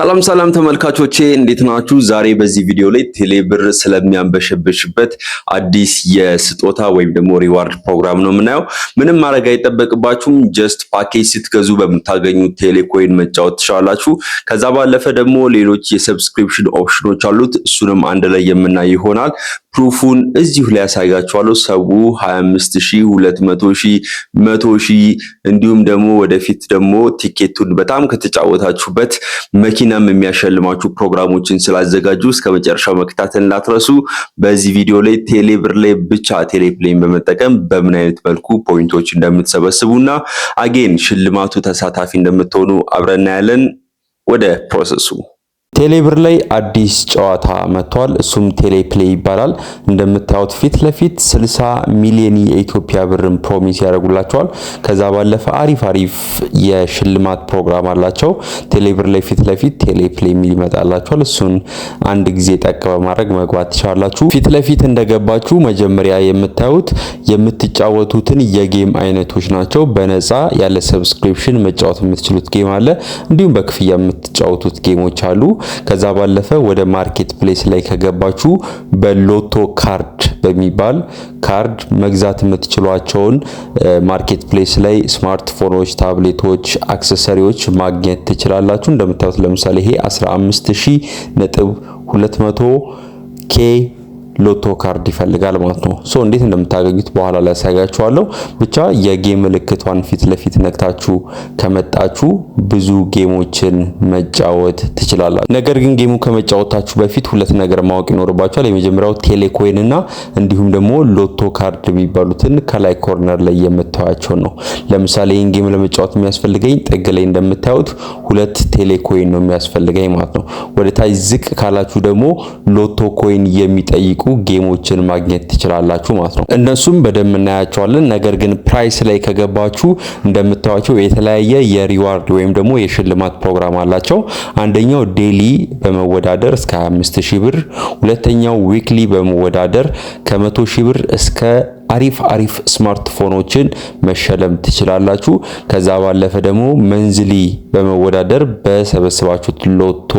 ሰላም ሰላም ተመልካቾቼ እንዴት ናችሁ? ዛሬ በዚህ ቪዲዮ ላይ ቴሌብር ስለሚያንበሸብሽበት አዲስ የስጦታ ወይም ደግሞ ሪዋርድ ፕሮግራም ነው የምናየው። ምንም ማድረግ አይጠበቅባችሁም። ጀስት ፓኬጅ ስትገዙ በምታገኙት ቴሌኮይን መጫወት ትችላላችሁ። ከዛ ባለፈ ደግሞ ሌሎች የሰብስክሪፕሽን ኦፕሽኖች አሉት። እሱንም አንድ ላይ የምናይ ይሆናል። ፕሩፉን እዚሁ ላይ ያሳያችኋለሁ። ሰው 25 እንዲሁም ደግሞ ወደፊት ደግሞ ቲኬቱን በጣም ከተጫወታችሁበት መኪና በመኪናም የሚያሸልማችሁ ፕሮግራሞችን ስላዘጋጁ እስከ መጨረሻው መከታተል እንዳትረሱ። በዚህ ቪዲዮ ላይ ቴሌብር ላይ ብቻ ቴሌፕሌን በመጠቀም በምን አይነት መልኩ ፖይንቶች እንደምትሰበስቡ እና አጌን ሽልማቱ ተሳታፊ እንደምትሆኑ አብረናያለን ወደ ፕሮሰሱ ቴሌብር ላይ አዲስ ጨዋታ መጥቷል። እሱም ቴሌፕሌይ ይባላል። እንደምታዩት ፊት ለፊት 60 ሚሊዮን የኢትዮጵያ ብርን ፕሮሚስ ያደርጉላቸዋል። ከዛ ባለፈ አሪፍ አሪፍ የሽልማት ፕሮግራም አላቸው። ቴሌብር ላይ ፊት ለፊት ቴሌፕሌይ የሚል ይመጣላቸዋል። እሱን አንድ ጊዜ ጠቅ በማድረግ መግባት ትችላላችሁ። ፊት ለፊት እንደገባችሁ መጀመሪያ የምታዩት የምትጫወቱትን የጌም አይነቶች ናቸው። በነፃ ያለ ሰብስክሪፕሽን መጫወት የምትችሉት ጌም አለ። እንዲሁም በክፍያ የምትጫወቱት ጌሞች አሉ። ከዛ ባለፈ ወደ ማርኬት ፕሌስ ላይ ከገባችሁ በሎቶ ካርድ በሚባል ካርድ መግዛት የምትችሏቸውን ማርኬት ፕሌስ ላይ ስማርትፎኖች፣ ታብሌቶች፣ አክሰሰሪዎች ማግኘት ትችላላችሁ። እንደምታዩት ለምሳሌ ይሄ ሺህ ነጥብ 200 ኬ ሎቶ ካርድ ይፈልጋል ማለት ነው። ሶ እንዴት እንደምታገኙት በኋላ ላይ ያሳያችኋለሁ። ብቻ የጌም ምልክቷን ፊት ለፊት ነክታችሁ ከመጣችሁ ብዙ ጌሞችን መጫወት ትችላላችሁ። ነገር ግን ጌሙ ከመጫወታችሁ በፊት ሁለት ነገር ማወቅ ይኖርባችኋል። የመጀመሪያው ቴሌኮይን እና እንዲሁም ደግሞ ሎቶ ካርድ የሚባሉትን ከላይ ኮርነር ላይ የምታያቸው ነው። ለምሳሌ ይህን ጌም ለመጫወት የሚያስፈልገኝ ጥግ ላይ እንደምታዩት ሁለት ቴሌኮይን ነው የሚያስፈልገኝ ማለት ነው። ወደ ታች ዝቅ ካላችሁ ደግሞ ሎቶ ኮይን የሚጠይቁ ጌሞችን ማግኘት ትችላላችሁ ማለት ነው። እነሱም በደንብ እናያቸዋለን። ነገር ግን ፕራይስ ላይ ከገባችሁ እንደምታዩቸው የተለያየ የሪዋርድ ወይም ደግሞ የሽልማት ፕሮግራም አላቸው። አንደኛው ዴሊ በመወዳደር እስከ 25 ብር፣ ሁለተኛው ዊክሊ በመወዳደር ከ 100000 ብር እስከ አሪፍ አሪፍ ስማርትፎኖችን መሸለም ትችላላችሁ። ከዛ ባለፈ ደግሞ መንዝሊ በመወዳደር በሰበሰባችሁት ሎቶ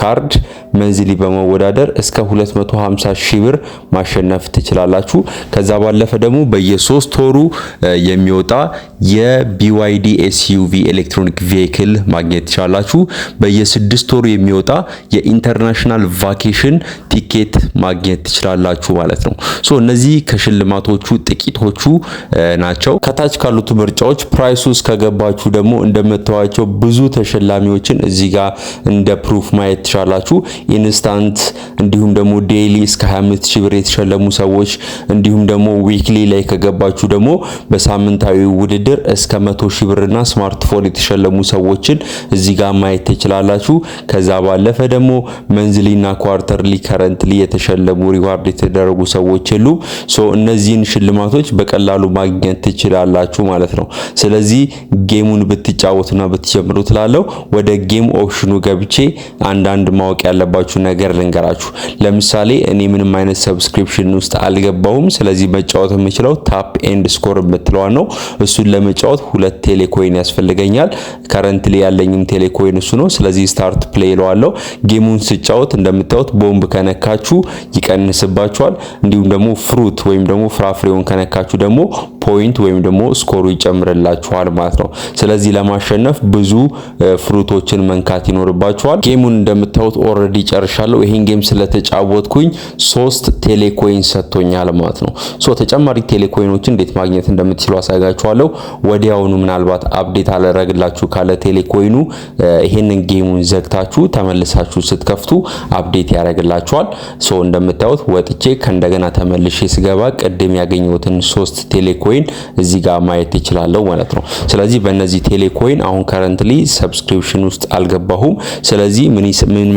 ካርድ መንዝሊ በመወዳደር እስከ 250 ሺ ብር ማሸነፍ ትችላላችሁ። ከዛ ባለፈ ደግሞ በየሶስት ወሩ የሚወጣ የቢዋይዲ ኤስዩቪ ኤሌክትሮኒክ ቬሂክል ማግኘት ትችላላችሁ። በየስድስት ወሩ የሚወጣ የኢንተርናሽናል ቫኬሽን ቲኬት ማግኘት ትችላላችሁ ማለት ነው። ሶ እነዚህ ከሽልማቶች ምርጫዎቹ ጥቂቶቹ ናቸው። ከታች ካሉት ምርጫዎች ፕራይስ ውስጥ ከገባችሁ ደግሞ እንደምታዩቸው ብዙ ተሸላሚዎችን እዚህ ጋር እንደ ፕሩፍ ማየት ትችላላችሁ። ኢንስታንት እንዲሁም ደግሞ ዴይሊ እስከ 25 ሺህ ብር የተሸለሙ ሰዎች እንዲሁም ደግሞ ዊክሊ ላይ ከገባችሁ ደግሞ በሳምንታዊ ውድድር እስከ 100 ሺህ ብርና ስማርትፎን የተሸለሙ ሰዎችን እዚህ ጋር ማየት ትችላላችሁ። ከዛ ባለፈ ደግሞ መንዝሊና ኳርተርሊ ከረንትሊ የተሸለሙ ሪዋርድ የተደረጉ ሰዎች የሉም። ሶ እነዚህን ሽልማቶች በቀላሉ ማግኘት ትችላላችሁ ማለት ነው። ስለዚህ ጌሙን ብትጫወቱና ብትጀምሩ ትላለው። ወደ ጌም ኦፕሽኑ ገብቼ አንዳንድ ማወቅ ያለባችሁ ነገር ልንገራችሁ። ለምሳሌ እኔ ምንም አይነት ሰብስክሪፕሽን ውስጥ አልገባሁም። ስለዚህ መጫወት የምችለው ታፕ ኤንድ ስኮር የምትለዋ ነው። እሱን ለመጫወት ሁለት ቴሌኮይን ያስፈልገኛል። ከረንትሊ ያለኝም ቴሌኮይን እሱ ነው። ስለዚህ ስታርት ፕሌይ እለዋለሁ። ጌሙን ስጫወት እንደምታዩት ቦምብ ከነካችሁ ይቀንስባችኋል። እንዲሁም ደግሞ ፍሩት ወይም ደግሞ ፍራፍ ፍሬውን ከነካችሁ ደግሞ ፖይንት ወይም ደግሞ ስኮሩ ይጨምርላችኋል ማለት ነው። ስለዚህ ለማሸነፍ ብዙ ፍሩቶችን መንካት ይኖርባችኋል። ጌሙን እንደምታዩት ኦልሬዲ ጨርሻለሁ። ይሄን ጌም ስለተጫወትኩኝ ሶስት ቴሌኮይን ሰጥቶኛል ማለት ነው። ሶ ተጨማሪ ቴሌኮይኖችን እንዴት ማግኘት እንደምትችሉ አሳያችኋለሁ። ወዲያውኑ ምናልባት አፕዴት አላረግላችሁ ካለ ቴሌኮይኑ ይሄንን ጌሙን ዘግታችሁ ተመልሳችሁ ስትከፍቱ አፕዴት ያደርግላችኋል። ሶ እንደምታዩት ወጥቼ ከእንደገና ተመልሼ ስገባ ቅድም ያገኘሁትን ሶስት ቴሌኮይን ቴሌኮይን እዚህ ጋር ማየት ይችላለሁ ማለት ነው። ስለዚህ በእነዚህ ቴሌኮይን አሁን ከረንትሊ ሰብስክሪፕሽን ውስጥ አልገባሁም። ስለዚህ ምን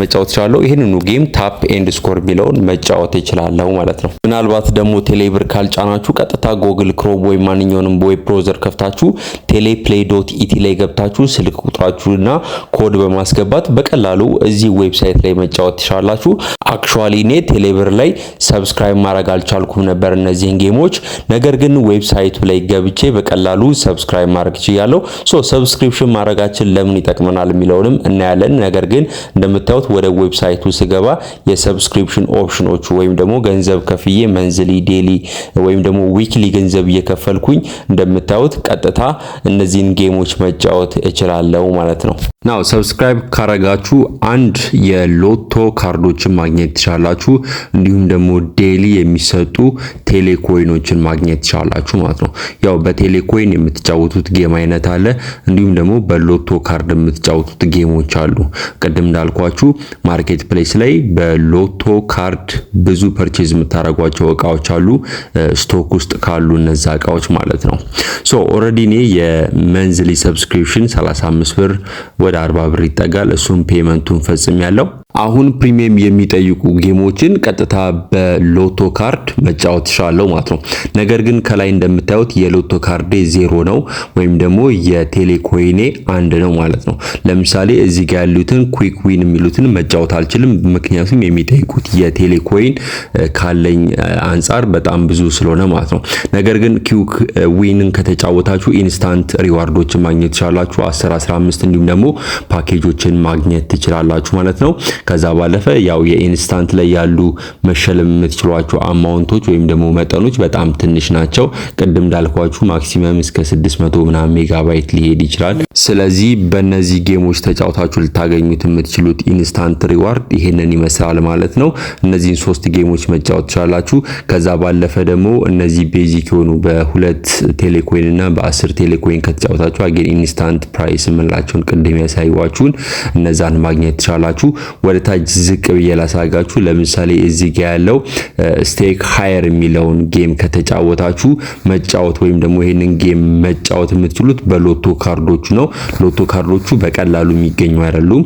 መጫወት ይችላለሁ? ይህንኑ ጌም ታፕ ኤንድ ስኮር ቢለውን መጫወት ይችላለሁ ማለት ነው። ምናልባት ደግሞ ቴሌብር ካልጫናችሁ ቀጥታ ጎግል ክሮም ወይም ማንኛውንም ዌብ ብሮዘር ከፍታችሁ ቴሌፕሌይ ዶት ኢቲ ላይ ገብታችሁ ስልክ ቁጥራችሁና ኮድ በማስገባት በቀላሉ እዚህ ዌብሳይት ላይ መጫወት ትችላላችሁ። አክቹዋሊ እኔ ቴሌብር ላይ ሰብስክራይብ ማድረግ አልቻልኩም ነበር እነዚህን ጌሞች ነገር ግን ዌብሳይት ሳይቱ ላይ ገብቼ በቀላሉ ሰብስክራይብ ማድረግ እችላለሁ። ሶ ሰብስክሪፕሽን ማድረጋችን ለምን ይጠቅመናል የሚለውንም እናያለን። ነገር ግን እንደምታዩት ወደ ዌብሳይቱ ስገባ የሰብስክሪፕሽን ኦፕሽኖቹ ወይም ደግሞ ገንዘብ ከፍዬ መንዝሊ፣ ዴሊ ወይም ደግሞ ዊክሊ ገንዘብ እየከፈልኩኝ እንደምታዩት ቀጥታ እነዚህን ጌሞች መጫወት እችላለሁ ማለት ነው። ናው ሰብስክራይብ ካረጋችሁ አንድ የሎቶ ካርዶችን ማግኘት ትችላላችሁ። እንዲሁም ደግሞ ዴሊ የሚሰጡ ቴሌኮይኖችን ማግኘት ትችላላችሁ ማለት ነው። ያው በቴሌኮይን የምትጫወቱት ጌም አይነት አለ። እንዲሁም ደግሞ በሎቶ ካርድ የምትጫወቱት ጌሞች አሉ። ቅድም እንዳልኳችሁ ማርኬት ፕሌስ ላይ በሎቶ ካርድ ብዙ ፐርቼዝ የምታደርጓቸው እቃዎች አሉ፣ ስቶክ ውስጥ ካሉ እነዛ እቃዎች ማለት ነው። ሶ ኦልሬዲ እኔ የመንዝሊ ሰብስክሪፕሽን 35 ብር ወደ 40 ብር ይጠጋል። እሱም ፔመንቱን ፈጽም ያለው አሁን ፕሪሚየም የሚጠይቁ ጌሞችን ቀጥታ በሎቶ ካርድ መጫወት ይችላለሁ ማለት ነው። ነገር ግን ከላይ እንደምታዩት የሎቶ ካርዴ ዜሮ ነው ወይም ደግሞ የቴሌኮይኔ አንድ ነው ማለት ነው። ለምሳሌ እዚህ ጋር ያሉትን ኩዊክ ዊን የሚሉትን መጫወት አልችልም፣ ምክንያቱም የሚጠይቁት የቴሌኮይን ካለኝ አንጻር በጣም ብዙ ስለሆነ ማለት ነው። ነገር ግን ኩዊክ ዊንን ከተጫወታችሁ ኢንስታንት ሪዋርዶችን ማግኘት ትችላላችሁ፣ 10 15 እንዲሁም ደግሞ ፓኬጆችን ማግኘት ትችላላችሁ ማለት ነው። ከዛ ባለፈ ያው የኢንስታንት ላይ ያሉ መሸለም የምትችሏቸው አማውንቶች ወይም ደግሞ መጠኖች በጣም ትንሽ ናቸው። ቅድም እንዳልኳችሁ ማክሲመም እስከ 600 ምናምን ሜጋባይት ሊሄድ ይችላል። ስለዚህ በእነዚህ ጌሞች ተጫውታችሁ ልታገኙት የምትችሉት ኢንስታንት ሪዋርድ ይሄንን ይመስላል ማለት ነው። እነዚህን ሶስት ጌሞች መጫወት ትችላላችሁ። ከዛ ባለፈ ደግሞ እነዚህ ቤዚክ የሆኑ በሁለት ቴሌኮይን እና በአስር ቴሌኮይን ከተጫወታችሁ አገን ኢንስታንት ፕራይስ የምንላቸውን ቅድም ያሳይዋችሁን እነዛን ማግኘት ትችላላችሁ። ወደ ታች ዝቅ ብዬ ላሳጋችሁ። ለምሳሌ እዚህ ጋ ያለው ስቴክ ሃየር የሚለውን ጌም ከተጫወታችሁ መጫወት ወይም ደግሞ ይሄንን ጌም መጫወት የምትችሉት በሎቶ ካርዶቹ ነው። ሎቶ ካርዶቹ በቀላሉ የሚገኙ አይደሉም።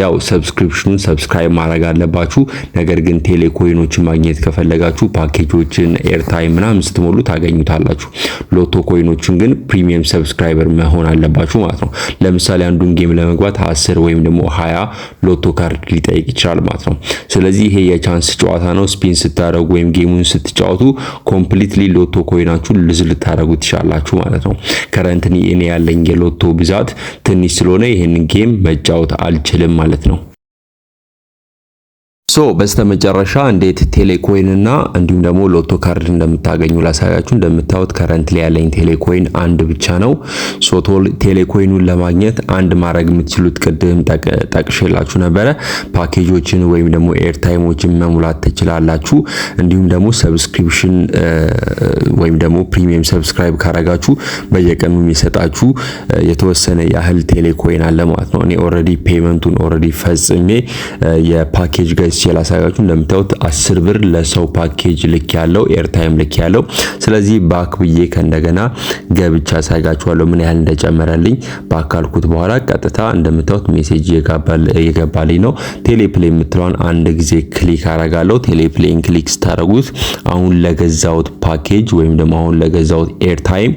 ያው ሰብስክሪፕሽኑን ሰብስክራይብ ማድረግ አለባችሁ። ነገር ግን ቴሌኮይኖችን ማግኘት ከፈለጋችሁ ፓኬጆችን፣ ኤርታይም ምናምን ስትሞሉ ታገኙታላችሁ። ሎቶ ኮይኖችን ግን ፕሪሚየም ሰብስክራይበር መሆን አለባችሁ ማለት ነው። ለምሳሌ አንዱን ጌም ለመግባት አስር ወይም ደግሞ ሀያ ሎቶ ካርድ ሊጠይቅ ይችላል ማለት ነው። ስለዚህ ይሄ የቻንስ ጨዋታ ነው። ስፒን ስታደረጉ ወይም ጌሙን ስትጫወቱ ኮምፕሊትሊ ሎቶ ኮይናችሁ ልዝ ልታደረጉ ትችላላችሁ ማለት ነው። ከረንትን እኔ ያለኝ የሎቶ ብዛ ብዛት ትንሽ ስለሆነ ይህንን ጌም መጫወት አልችልም ማለት ነው። ሶ በስተመጨረሻ እንዴት ቴሌኮይን እና እንዲሁም ደግሞ ሎቶ ካርድ እንደምታገኙ ላሳያችሁ። እንደምታዩት ከረንትሊ ያለኝ ቴሌኮይን አንድ ብቻ ነው። ሶ ቴሌኮይኑን ለማግኘት አንድ ማድረግ የምትችሉት ቅድም ጠቅሼላችሁ ነበረ፣ ፓኬጆችን ወይም ደግሞ ኤርታይሞችን መሙላት ትችላላችሁ። እንዲሁም ደግሞ ሰብስክሪፕሽን ወይም ደግሞ ፕሪሚየም ሰብስክራይብ ካረጋችሁ በየቀኑ የሚሰጣችሁ የተወሰነ ያህል ቴሌኮይን አለ ማለት ነው። እኔ ኦልሬዲ ፔመንቱን ኦልሬዲ ፈጽሜ የፓኬጅ ጋር ገዝቼ ላሳያችሁ። እንደምታዩት አስር ብር ለሰው ፓኬጅ ልክ ያለው ኤርታይም ልክ ያለው ስለዚህ ባክ ብዬ ከእንደገና ገብቻ አሳያችኋለሁ ምን ያህል እንደጨመረልኝ። ባካልኩት በኋላ ቀጥታ እንደምታዩት ሜሴጅ እየገባልኝ ነው። ቴሌፕሌ የምትለዋን አንድ ጊዜ ክሊክ አረጋለሁ። ቴሌፕሌን ክሊክ ስታረጉት አሁን ለገዛውት ፓኬጅ ወይም ደግሞ አሁን ለገዛውት ኤርታይም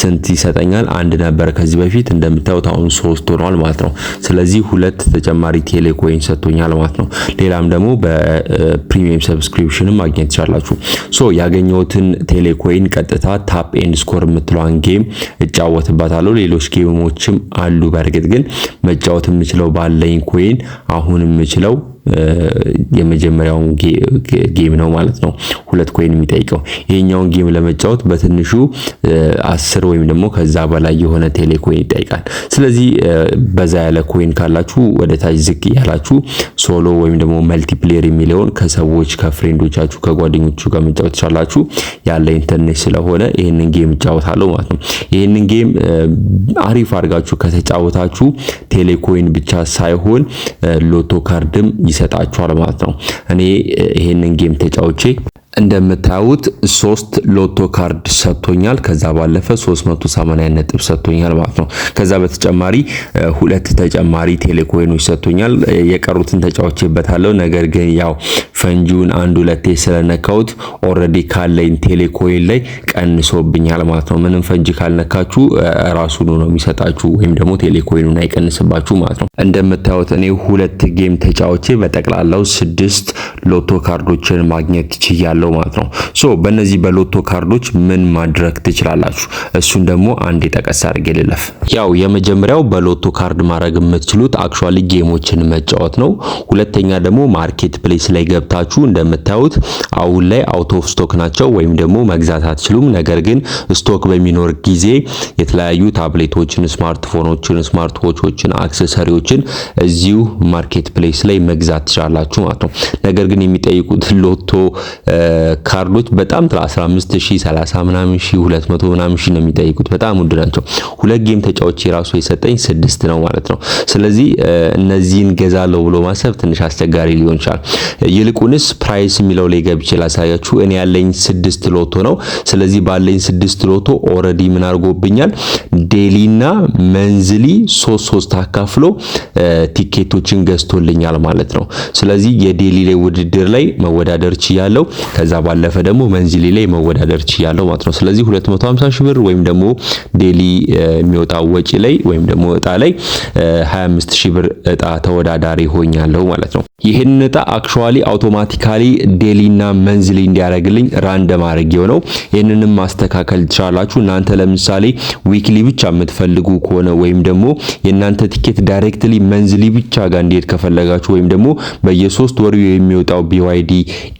ስንት ይሰጠኛል? አንድ ነበር ከዚህ በፊት እንደምታዩት አሁን ሶስት ሆኗል ማለት ነው። ስለዚህ ሁለት ተጨማሪ ቴሌኮይን ሰጥቶኛል ማለት ነው። ሌላም ደግሞ በፕሪሚየም ሰብስክሪፕሽን ማግኘት ትችላላችሁ። ሶ ያገኘሁትን ቴሌኮይን ቀጥታ ታፕ ኤንድ ስኮር የምትለዋን ጌም እጫወትባታለሁ። ሌሎች ጌሞችም አሉ። በእርግጥ ግን መጫወት የምችለው ባለኝ ኮይን አሁን የምችለው የመጀመሪያውን ጌም ነው ማለት ነው። ሁለት ኮይን የሚጠይቀው ይሄኛውን ጌም ለመጫወት በትንሹ አስር ወይም ደግሞ ከዛ በላይ የሆነ ቴሌ ኮይን ይጠይቃል። ስለዚህ በዛ ያለ ኮይን ካላችሁ ወደ ታች ዝቅ ያላችሁ ሶሎ ወይም ደግሞ መልቲፕሌየር የሚለውን ከሰዎች ከፍሬንዶቻችሁ ከጓደኞቹ ጋር መጫወት ቻላችሁ ያለ ኢንተርኔት ስለሆነ ይህንን ጌም እጫወታለሁ ማለት ነው። ይህንን ጌም አሪፍ አድርጋችሁ ከተጫወታችሁ ቴሌ ኮይን ብቻ ሳይሆን ሎቶ ካርድም ይሰጣችኋል ማለት ነው። እኔ ይሄንን ጌም ተጫውቼ እንደምታዩት ሶስት ሎቶ ካርድ ሰጥቶኛል። ከዛ ባለፈ 380 ነጥብ ሰጥቶኛል ማለት ነው። ከዛ በተጨማሪ ሁለት ተጨማሪ ቴሌኮይኖች ሰጥቶኛል። የቀሩትን ተጫውቼበታለሁ። ነገር ግን ያው ፈንጂውን አንድ ሁለቴ ስለነካሁት ኦልሬዲ ካለኝ ቴሌኮይን ላይ ቀንሶብኛል ማለት ነው። ምንም ፈንጂ ካልነካችሁ ራሱን ነው የሚሰጣችሁ ወይም ደግሞ ቴሌኮይኑን አይቀንስባችሁ ማለት ነው። እንደምታዩት እኔ ሁለት ጌም ተጫውቼ በጠቅላላው ስድስት ሎቶ ካርዶችን ማግኘት ችያለሁ ያለው ማለት ነው። ሶ በእነዚህ በሎቶ ካርዶች ምን ማድረግ ትችላላችሁ? እሱን ደግሞ አንድ የጠቀስ አድርጌ ልለፍ። ያው የመጀመሪያው በሎቶ ካርድ ማድረግ የምትችሉት አክቹዋሊ ጌሞችን መጫወት ነው። ሁለተኛ ደግሞ ማርኬት ፕሌስ ላይ ገብታችሁ እንደምታዩት አሁን ላይ አውት ኦፍ ስቶክ ናቸው፣ ወይም ደግሞ መግዛት አትችሉም። ነገር ግን ስቶክ በሚኖር ጊዜ የተለያዩ ታብሌቶችን፣ ስማርትፎኖችን፣ ስማርት ዎቾችን፣ አክሰሰሪዎችን እዚሁ ማርኬት ፕሌስ ላይ መግዛት ትችላላችሁ ማለት ነው። ነገር ግን የሚጠይቁት ሎቶ ካርዶች በጣም 15 ሺህ 30 ምናምን ሺህ 200 ምናምን ሺህ ነው የሚጠይቁት። በጣም ውድ ናቸው። ሁለት ጌም ተጫዎች የራሱ የሰጠኝ ስድስት ነው ማለት ነው። ስለዚህ እነዚህን ገዛለው ብሎ ማሰብ ትንሽ አስቸጋሪ ሊሆን ይችላል። ይልቁንስ ፕራይስ የሚለው ላይ ገብቼ ላሳያችሁ። እኔ ያለኝ ስድስት ሎቶ ነው። ስለዚህ ባለኝ ስድስት ሎቶ ኦልሬዲ ምን አድርጎብኛል? ዴሊና መንዝሊ ሶስት ሶስት አካፍሎ ቲኬቶችን ገዝቶልኛል ማለት ነው። ስለዚህ የዴሊ ላይ ውድድር ላይ መወዳደር ችያለው። ከዛ ባለፈ ደግሞ መንዚሊ ላይ መወዳደር ችያለሁ ማለት ነው። ስለዚህ 250 ሺህ ብር ወይም ደግሞ ዴሊ የሚወጣው ወጪ ላይ ወይም ደግሞ እጣ ላይ 25 ሺህ ብር እጣ ተወዳዳሪ ሆኛለሁ ማለት ነው። ይህን እጣ አክቹዋሊ አውቶማቲካሊ ዴሊና መንዝሊ እንዲያደርግልኝ ራንደም አድርጌው ነው። ይህንንም ማስተካከል ትችላላችሁ እናንተ ለምሳሌ ዊክሊ ብቻ የምትፈልጉ ከሆነ ወይም ደግሞ የእናንተ ቲኬት ዳይሬክትሊ መንዝሊ ብቻ ጋር እንዲሄድ ከፈለጋችሁ ወይም ደግሞ በየሶስት ወሩ የሚወጣው ቢዋይዲ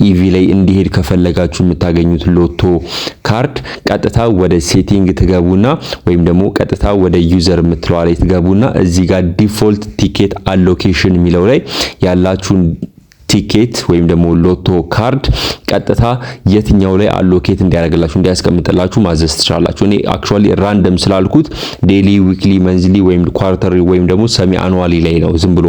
ኢቪ ላይ እንዲሄድ ከፈለጋችሁ የምታገኙት ሎቶ ካርድ ቀጥታ ወደ ሴቲንግ ትገቡና ወይም ደግሞ ቀጥታ ወደ ዩዘር የምትለዋ ላይ ትገቡና እዚህ ጋር ዲፎልት ቲኬት አሎኬሽን የሚለው ላይ ያላችሁን ቲኬት ወይም ደግሞ ሎቶ ካርድ ቀጥታ የትኛው ላይ አሎኬት እንዲያደርግላችሁ እንዲያስቀምጥላችሁ ማዘዝ ትችላላችሁ። እኔ አክቹአሊ ራንደም ስላልኩት ዴሊ፣ ዊክሊ፣ መንዝሊ ወይም ኳርተሪ ወይም ደግሞ ሰሚ አኑዋሊ ላይ ነው ዝም ብሎ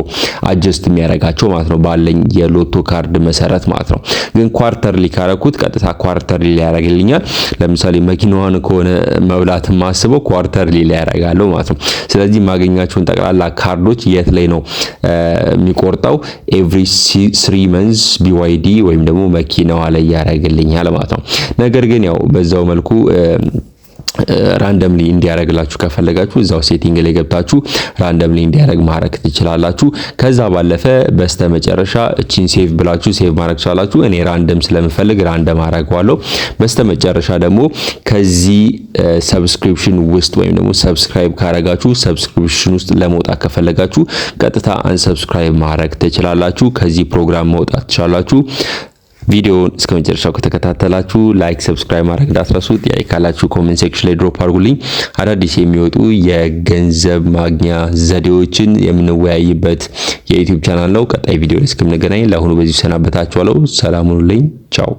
አጀስት የሚያደርጋቸው ማለት ነው ባለኝ የሎቶ ካርድ መሰረት ማለት ነው። ግን ኳርተርሊ ካረኩት ቀጥታ ኳርተርሊ ላይ ለምሳሌ መኪናዋን ከሆነ መብላት ማስበው ኳርተርሊ ላይ ያደርጋለሁ ማለት ነው። ስለዚህ የማገኛቸውን ጠቅላላ ካርዶች የት ላይ ነው የሚቆርጠው ኤቭሪ ስሪ መንስ ቢዋይዲ ወይም ደግሞ መኪናዋ ላይ ያደርግልኛል ማለት ነው። ነገር ግን ያው በዛው መልኩ ራንደምሊ እንዲያደርግላችሁ ከፈለጋችሁ እዛው ሴቲንግ ላይ ገብታችሁ ራንደምሊ እንዲያደርግ ማድረግ ትችላላችሁ። ከዛ ባለፈ በስተመጨረሻ እቺን ሴቭ ብላችሁ ሴቭ ማድረግ ትችላላችሁ። እኔ ራንደም ስለምፈልግ ራንደም አደርገዋለሁ። በስተመጨረሻ ደግሞ ከዚህ ሰብስክሪፕሽን ውስጥ ወይም ደግሞ ሰብስክራይብ ካረጋችሁ ሰብስክሪፕሽን ውስጥ ለመውጣት ከፈለጋችሁ ቀጥታ አንሰብስክራይብ ማድረግ ትችላላችሁ። ከዚህ ፕሮግራም መውጣት ትችላላችሁ። ቪዲዮውን እስከ መጨረሻው ከተከታተላችሁ ላይክ፣ ሰብስክራይብ ማድረግ እንዳትረሱ። ጥያቄ ካላችሁ ኮሜንት ሴክሽን ላይ ድሮፕ አድርጉልኝ። አዳዲስ የሚወጡ የገንዘብ ማግኛ ዘዴዎችን የምንወያይበት የዩቲዩብ ቻናል ነው። ቀጣይ ቪዲዮ ላይ ለአሁኑ በዚህ ሰናበታችኋለሁ። ሰላም ሁኑልኝ። ቻው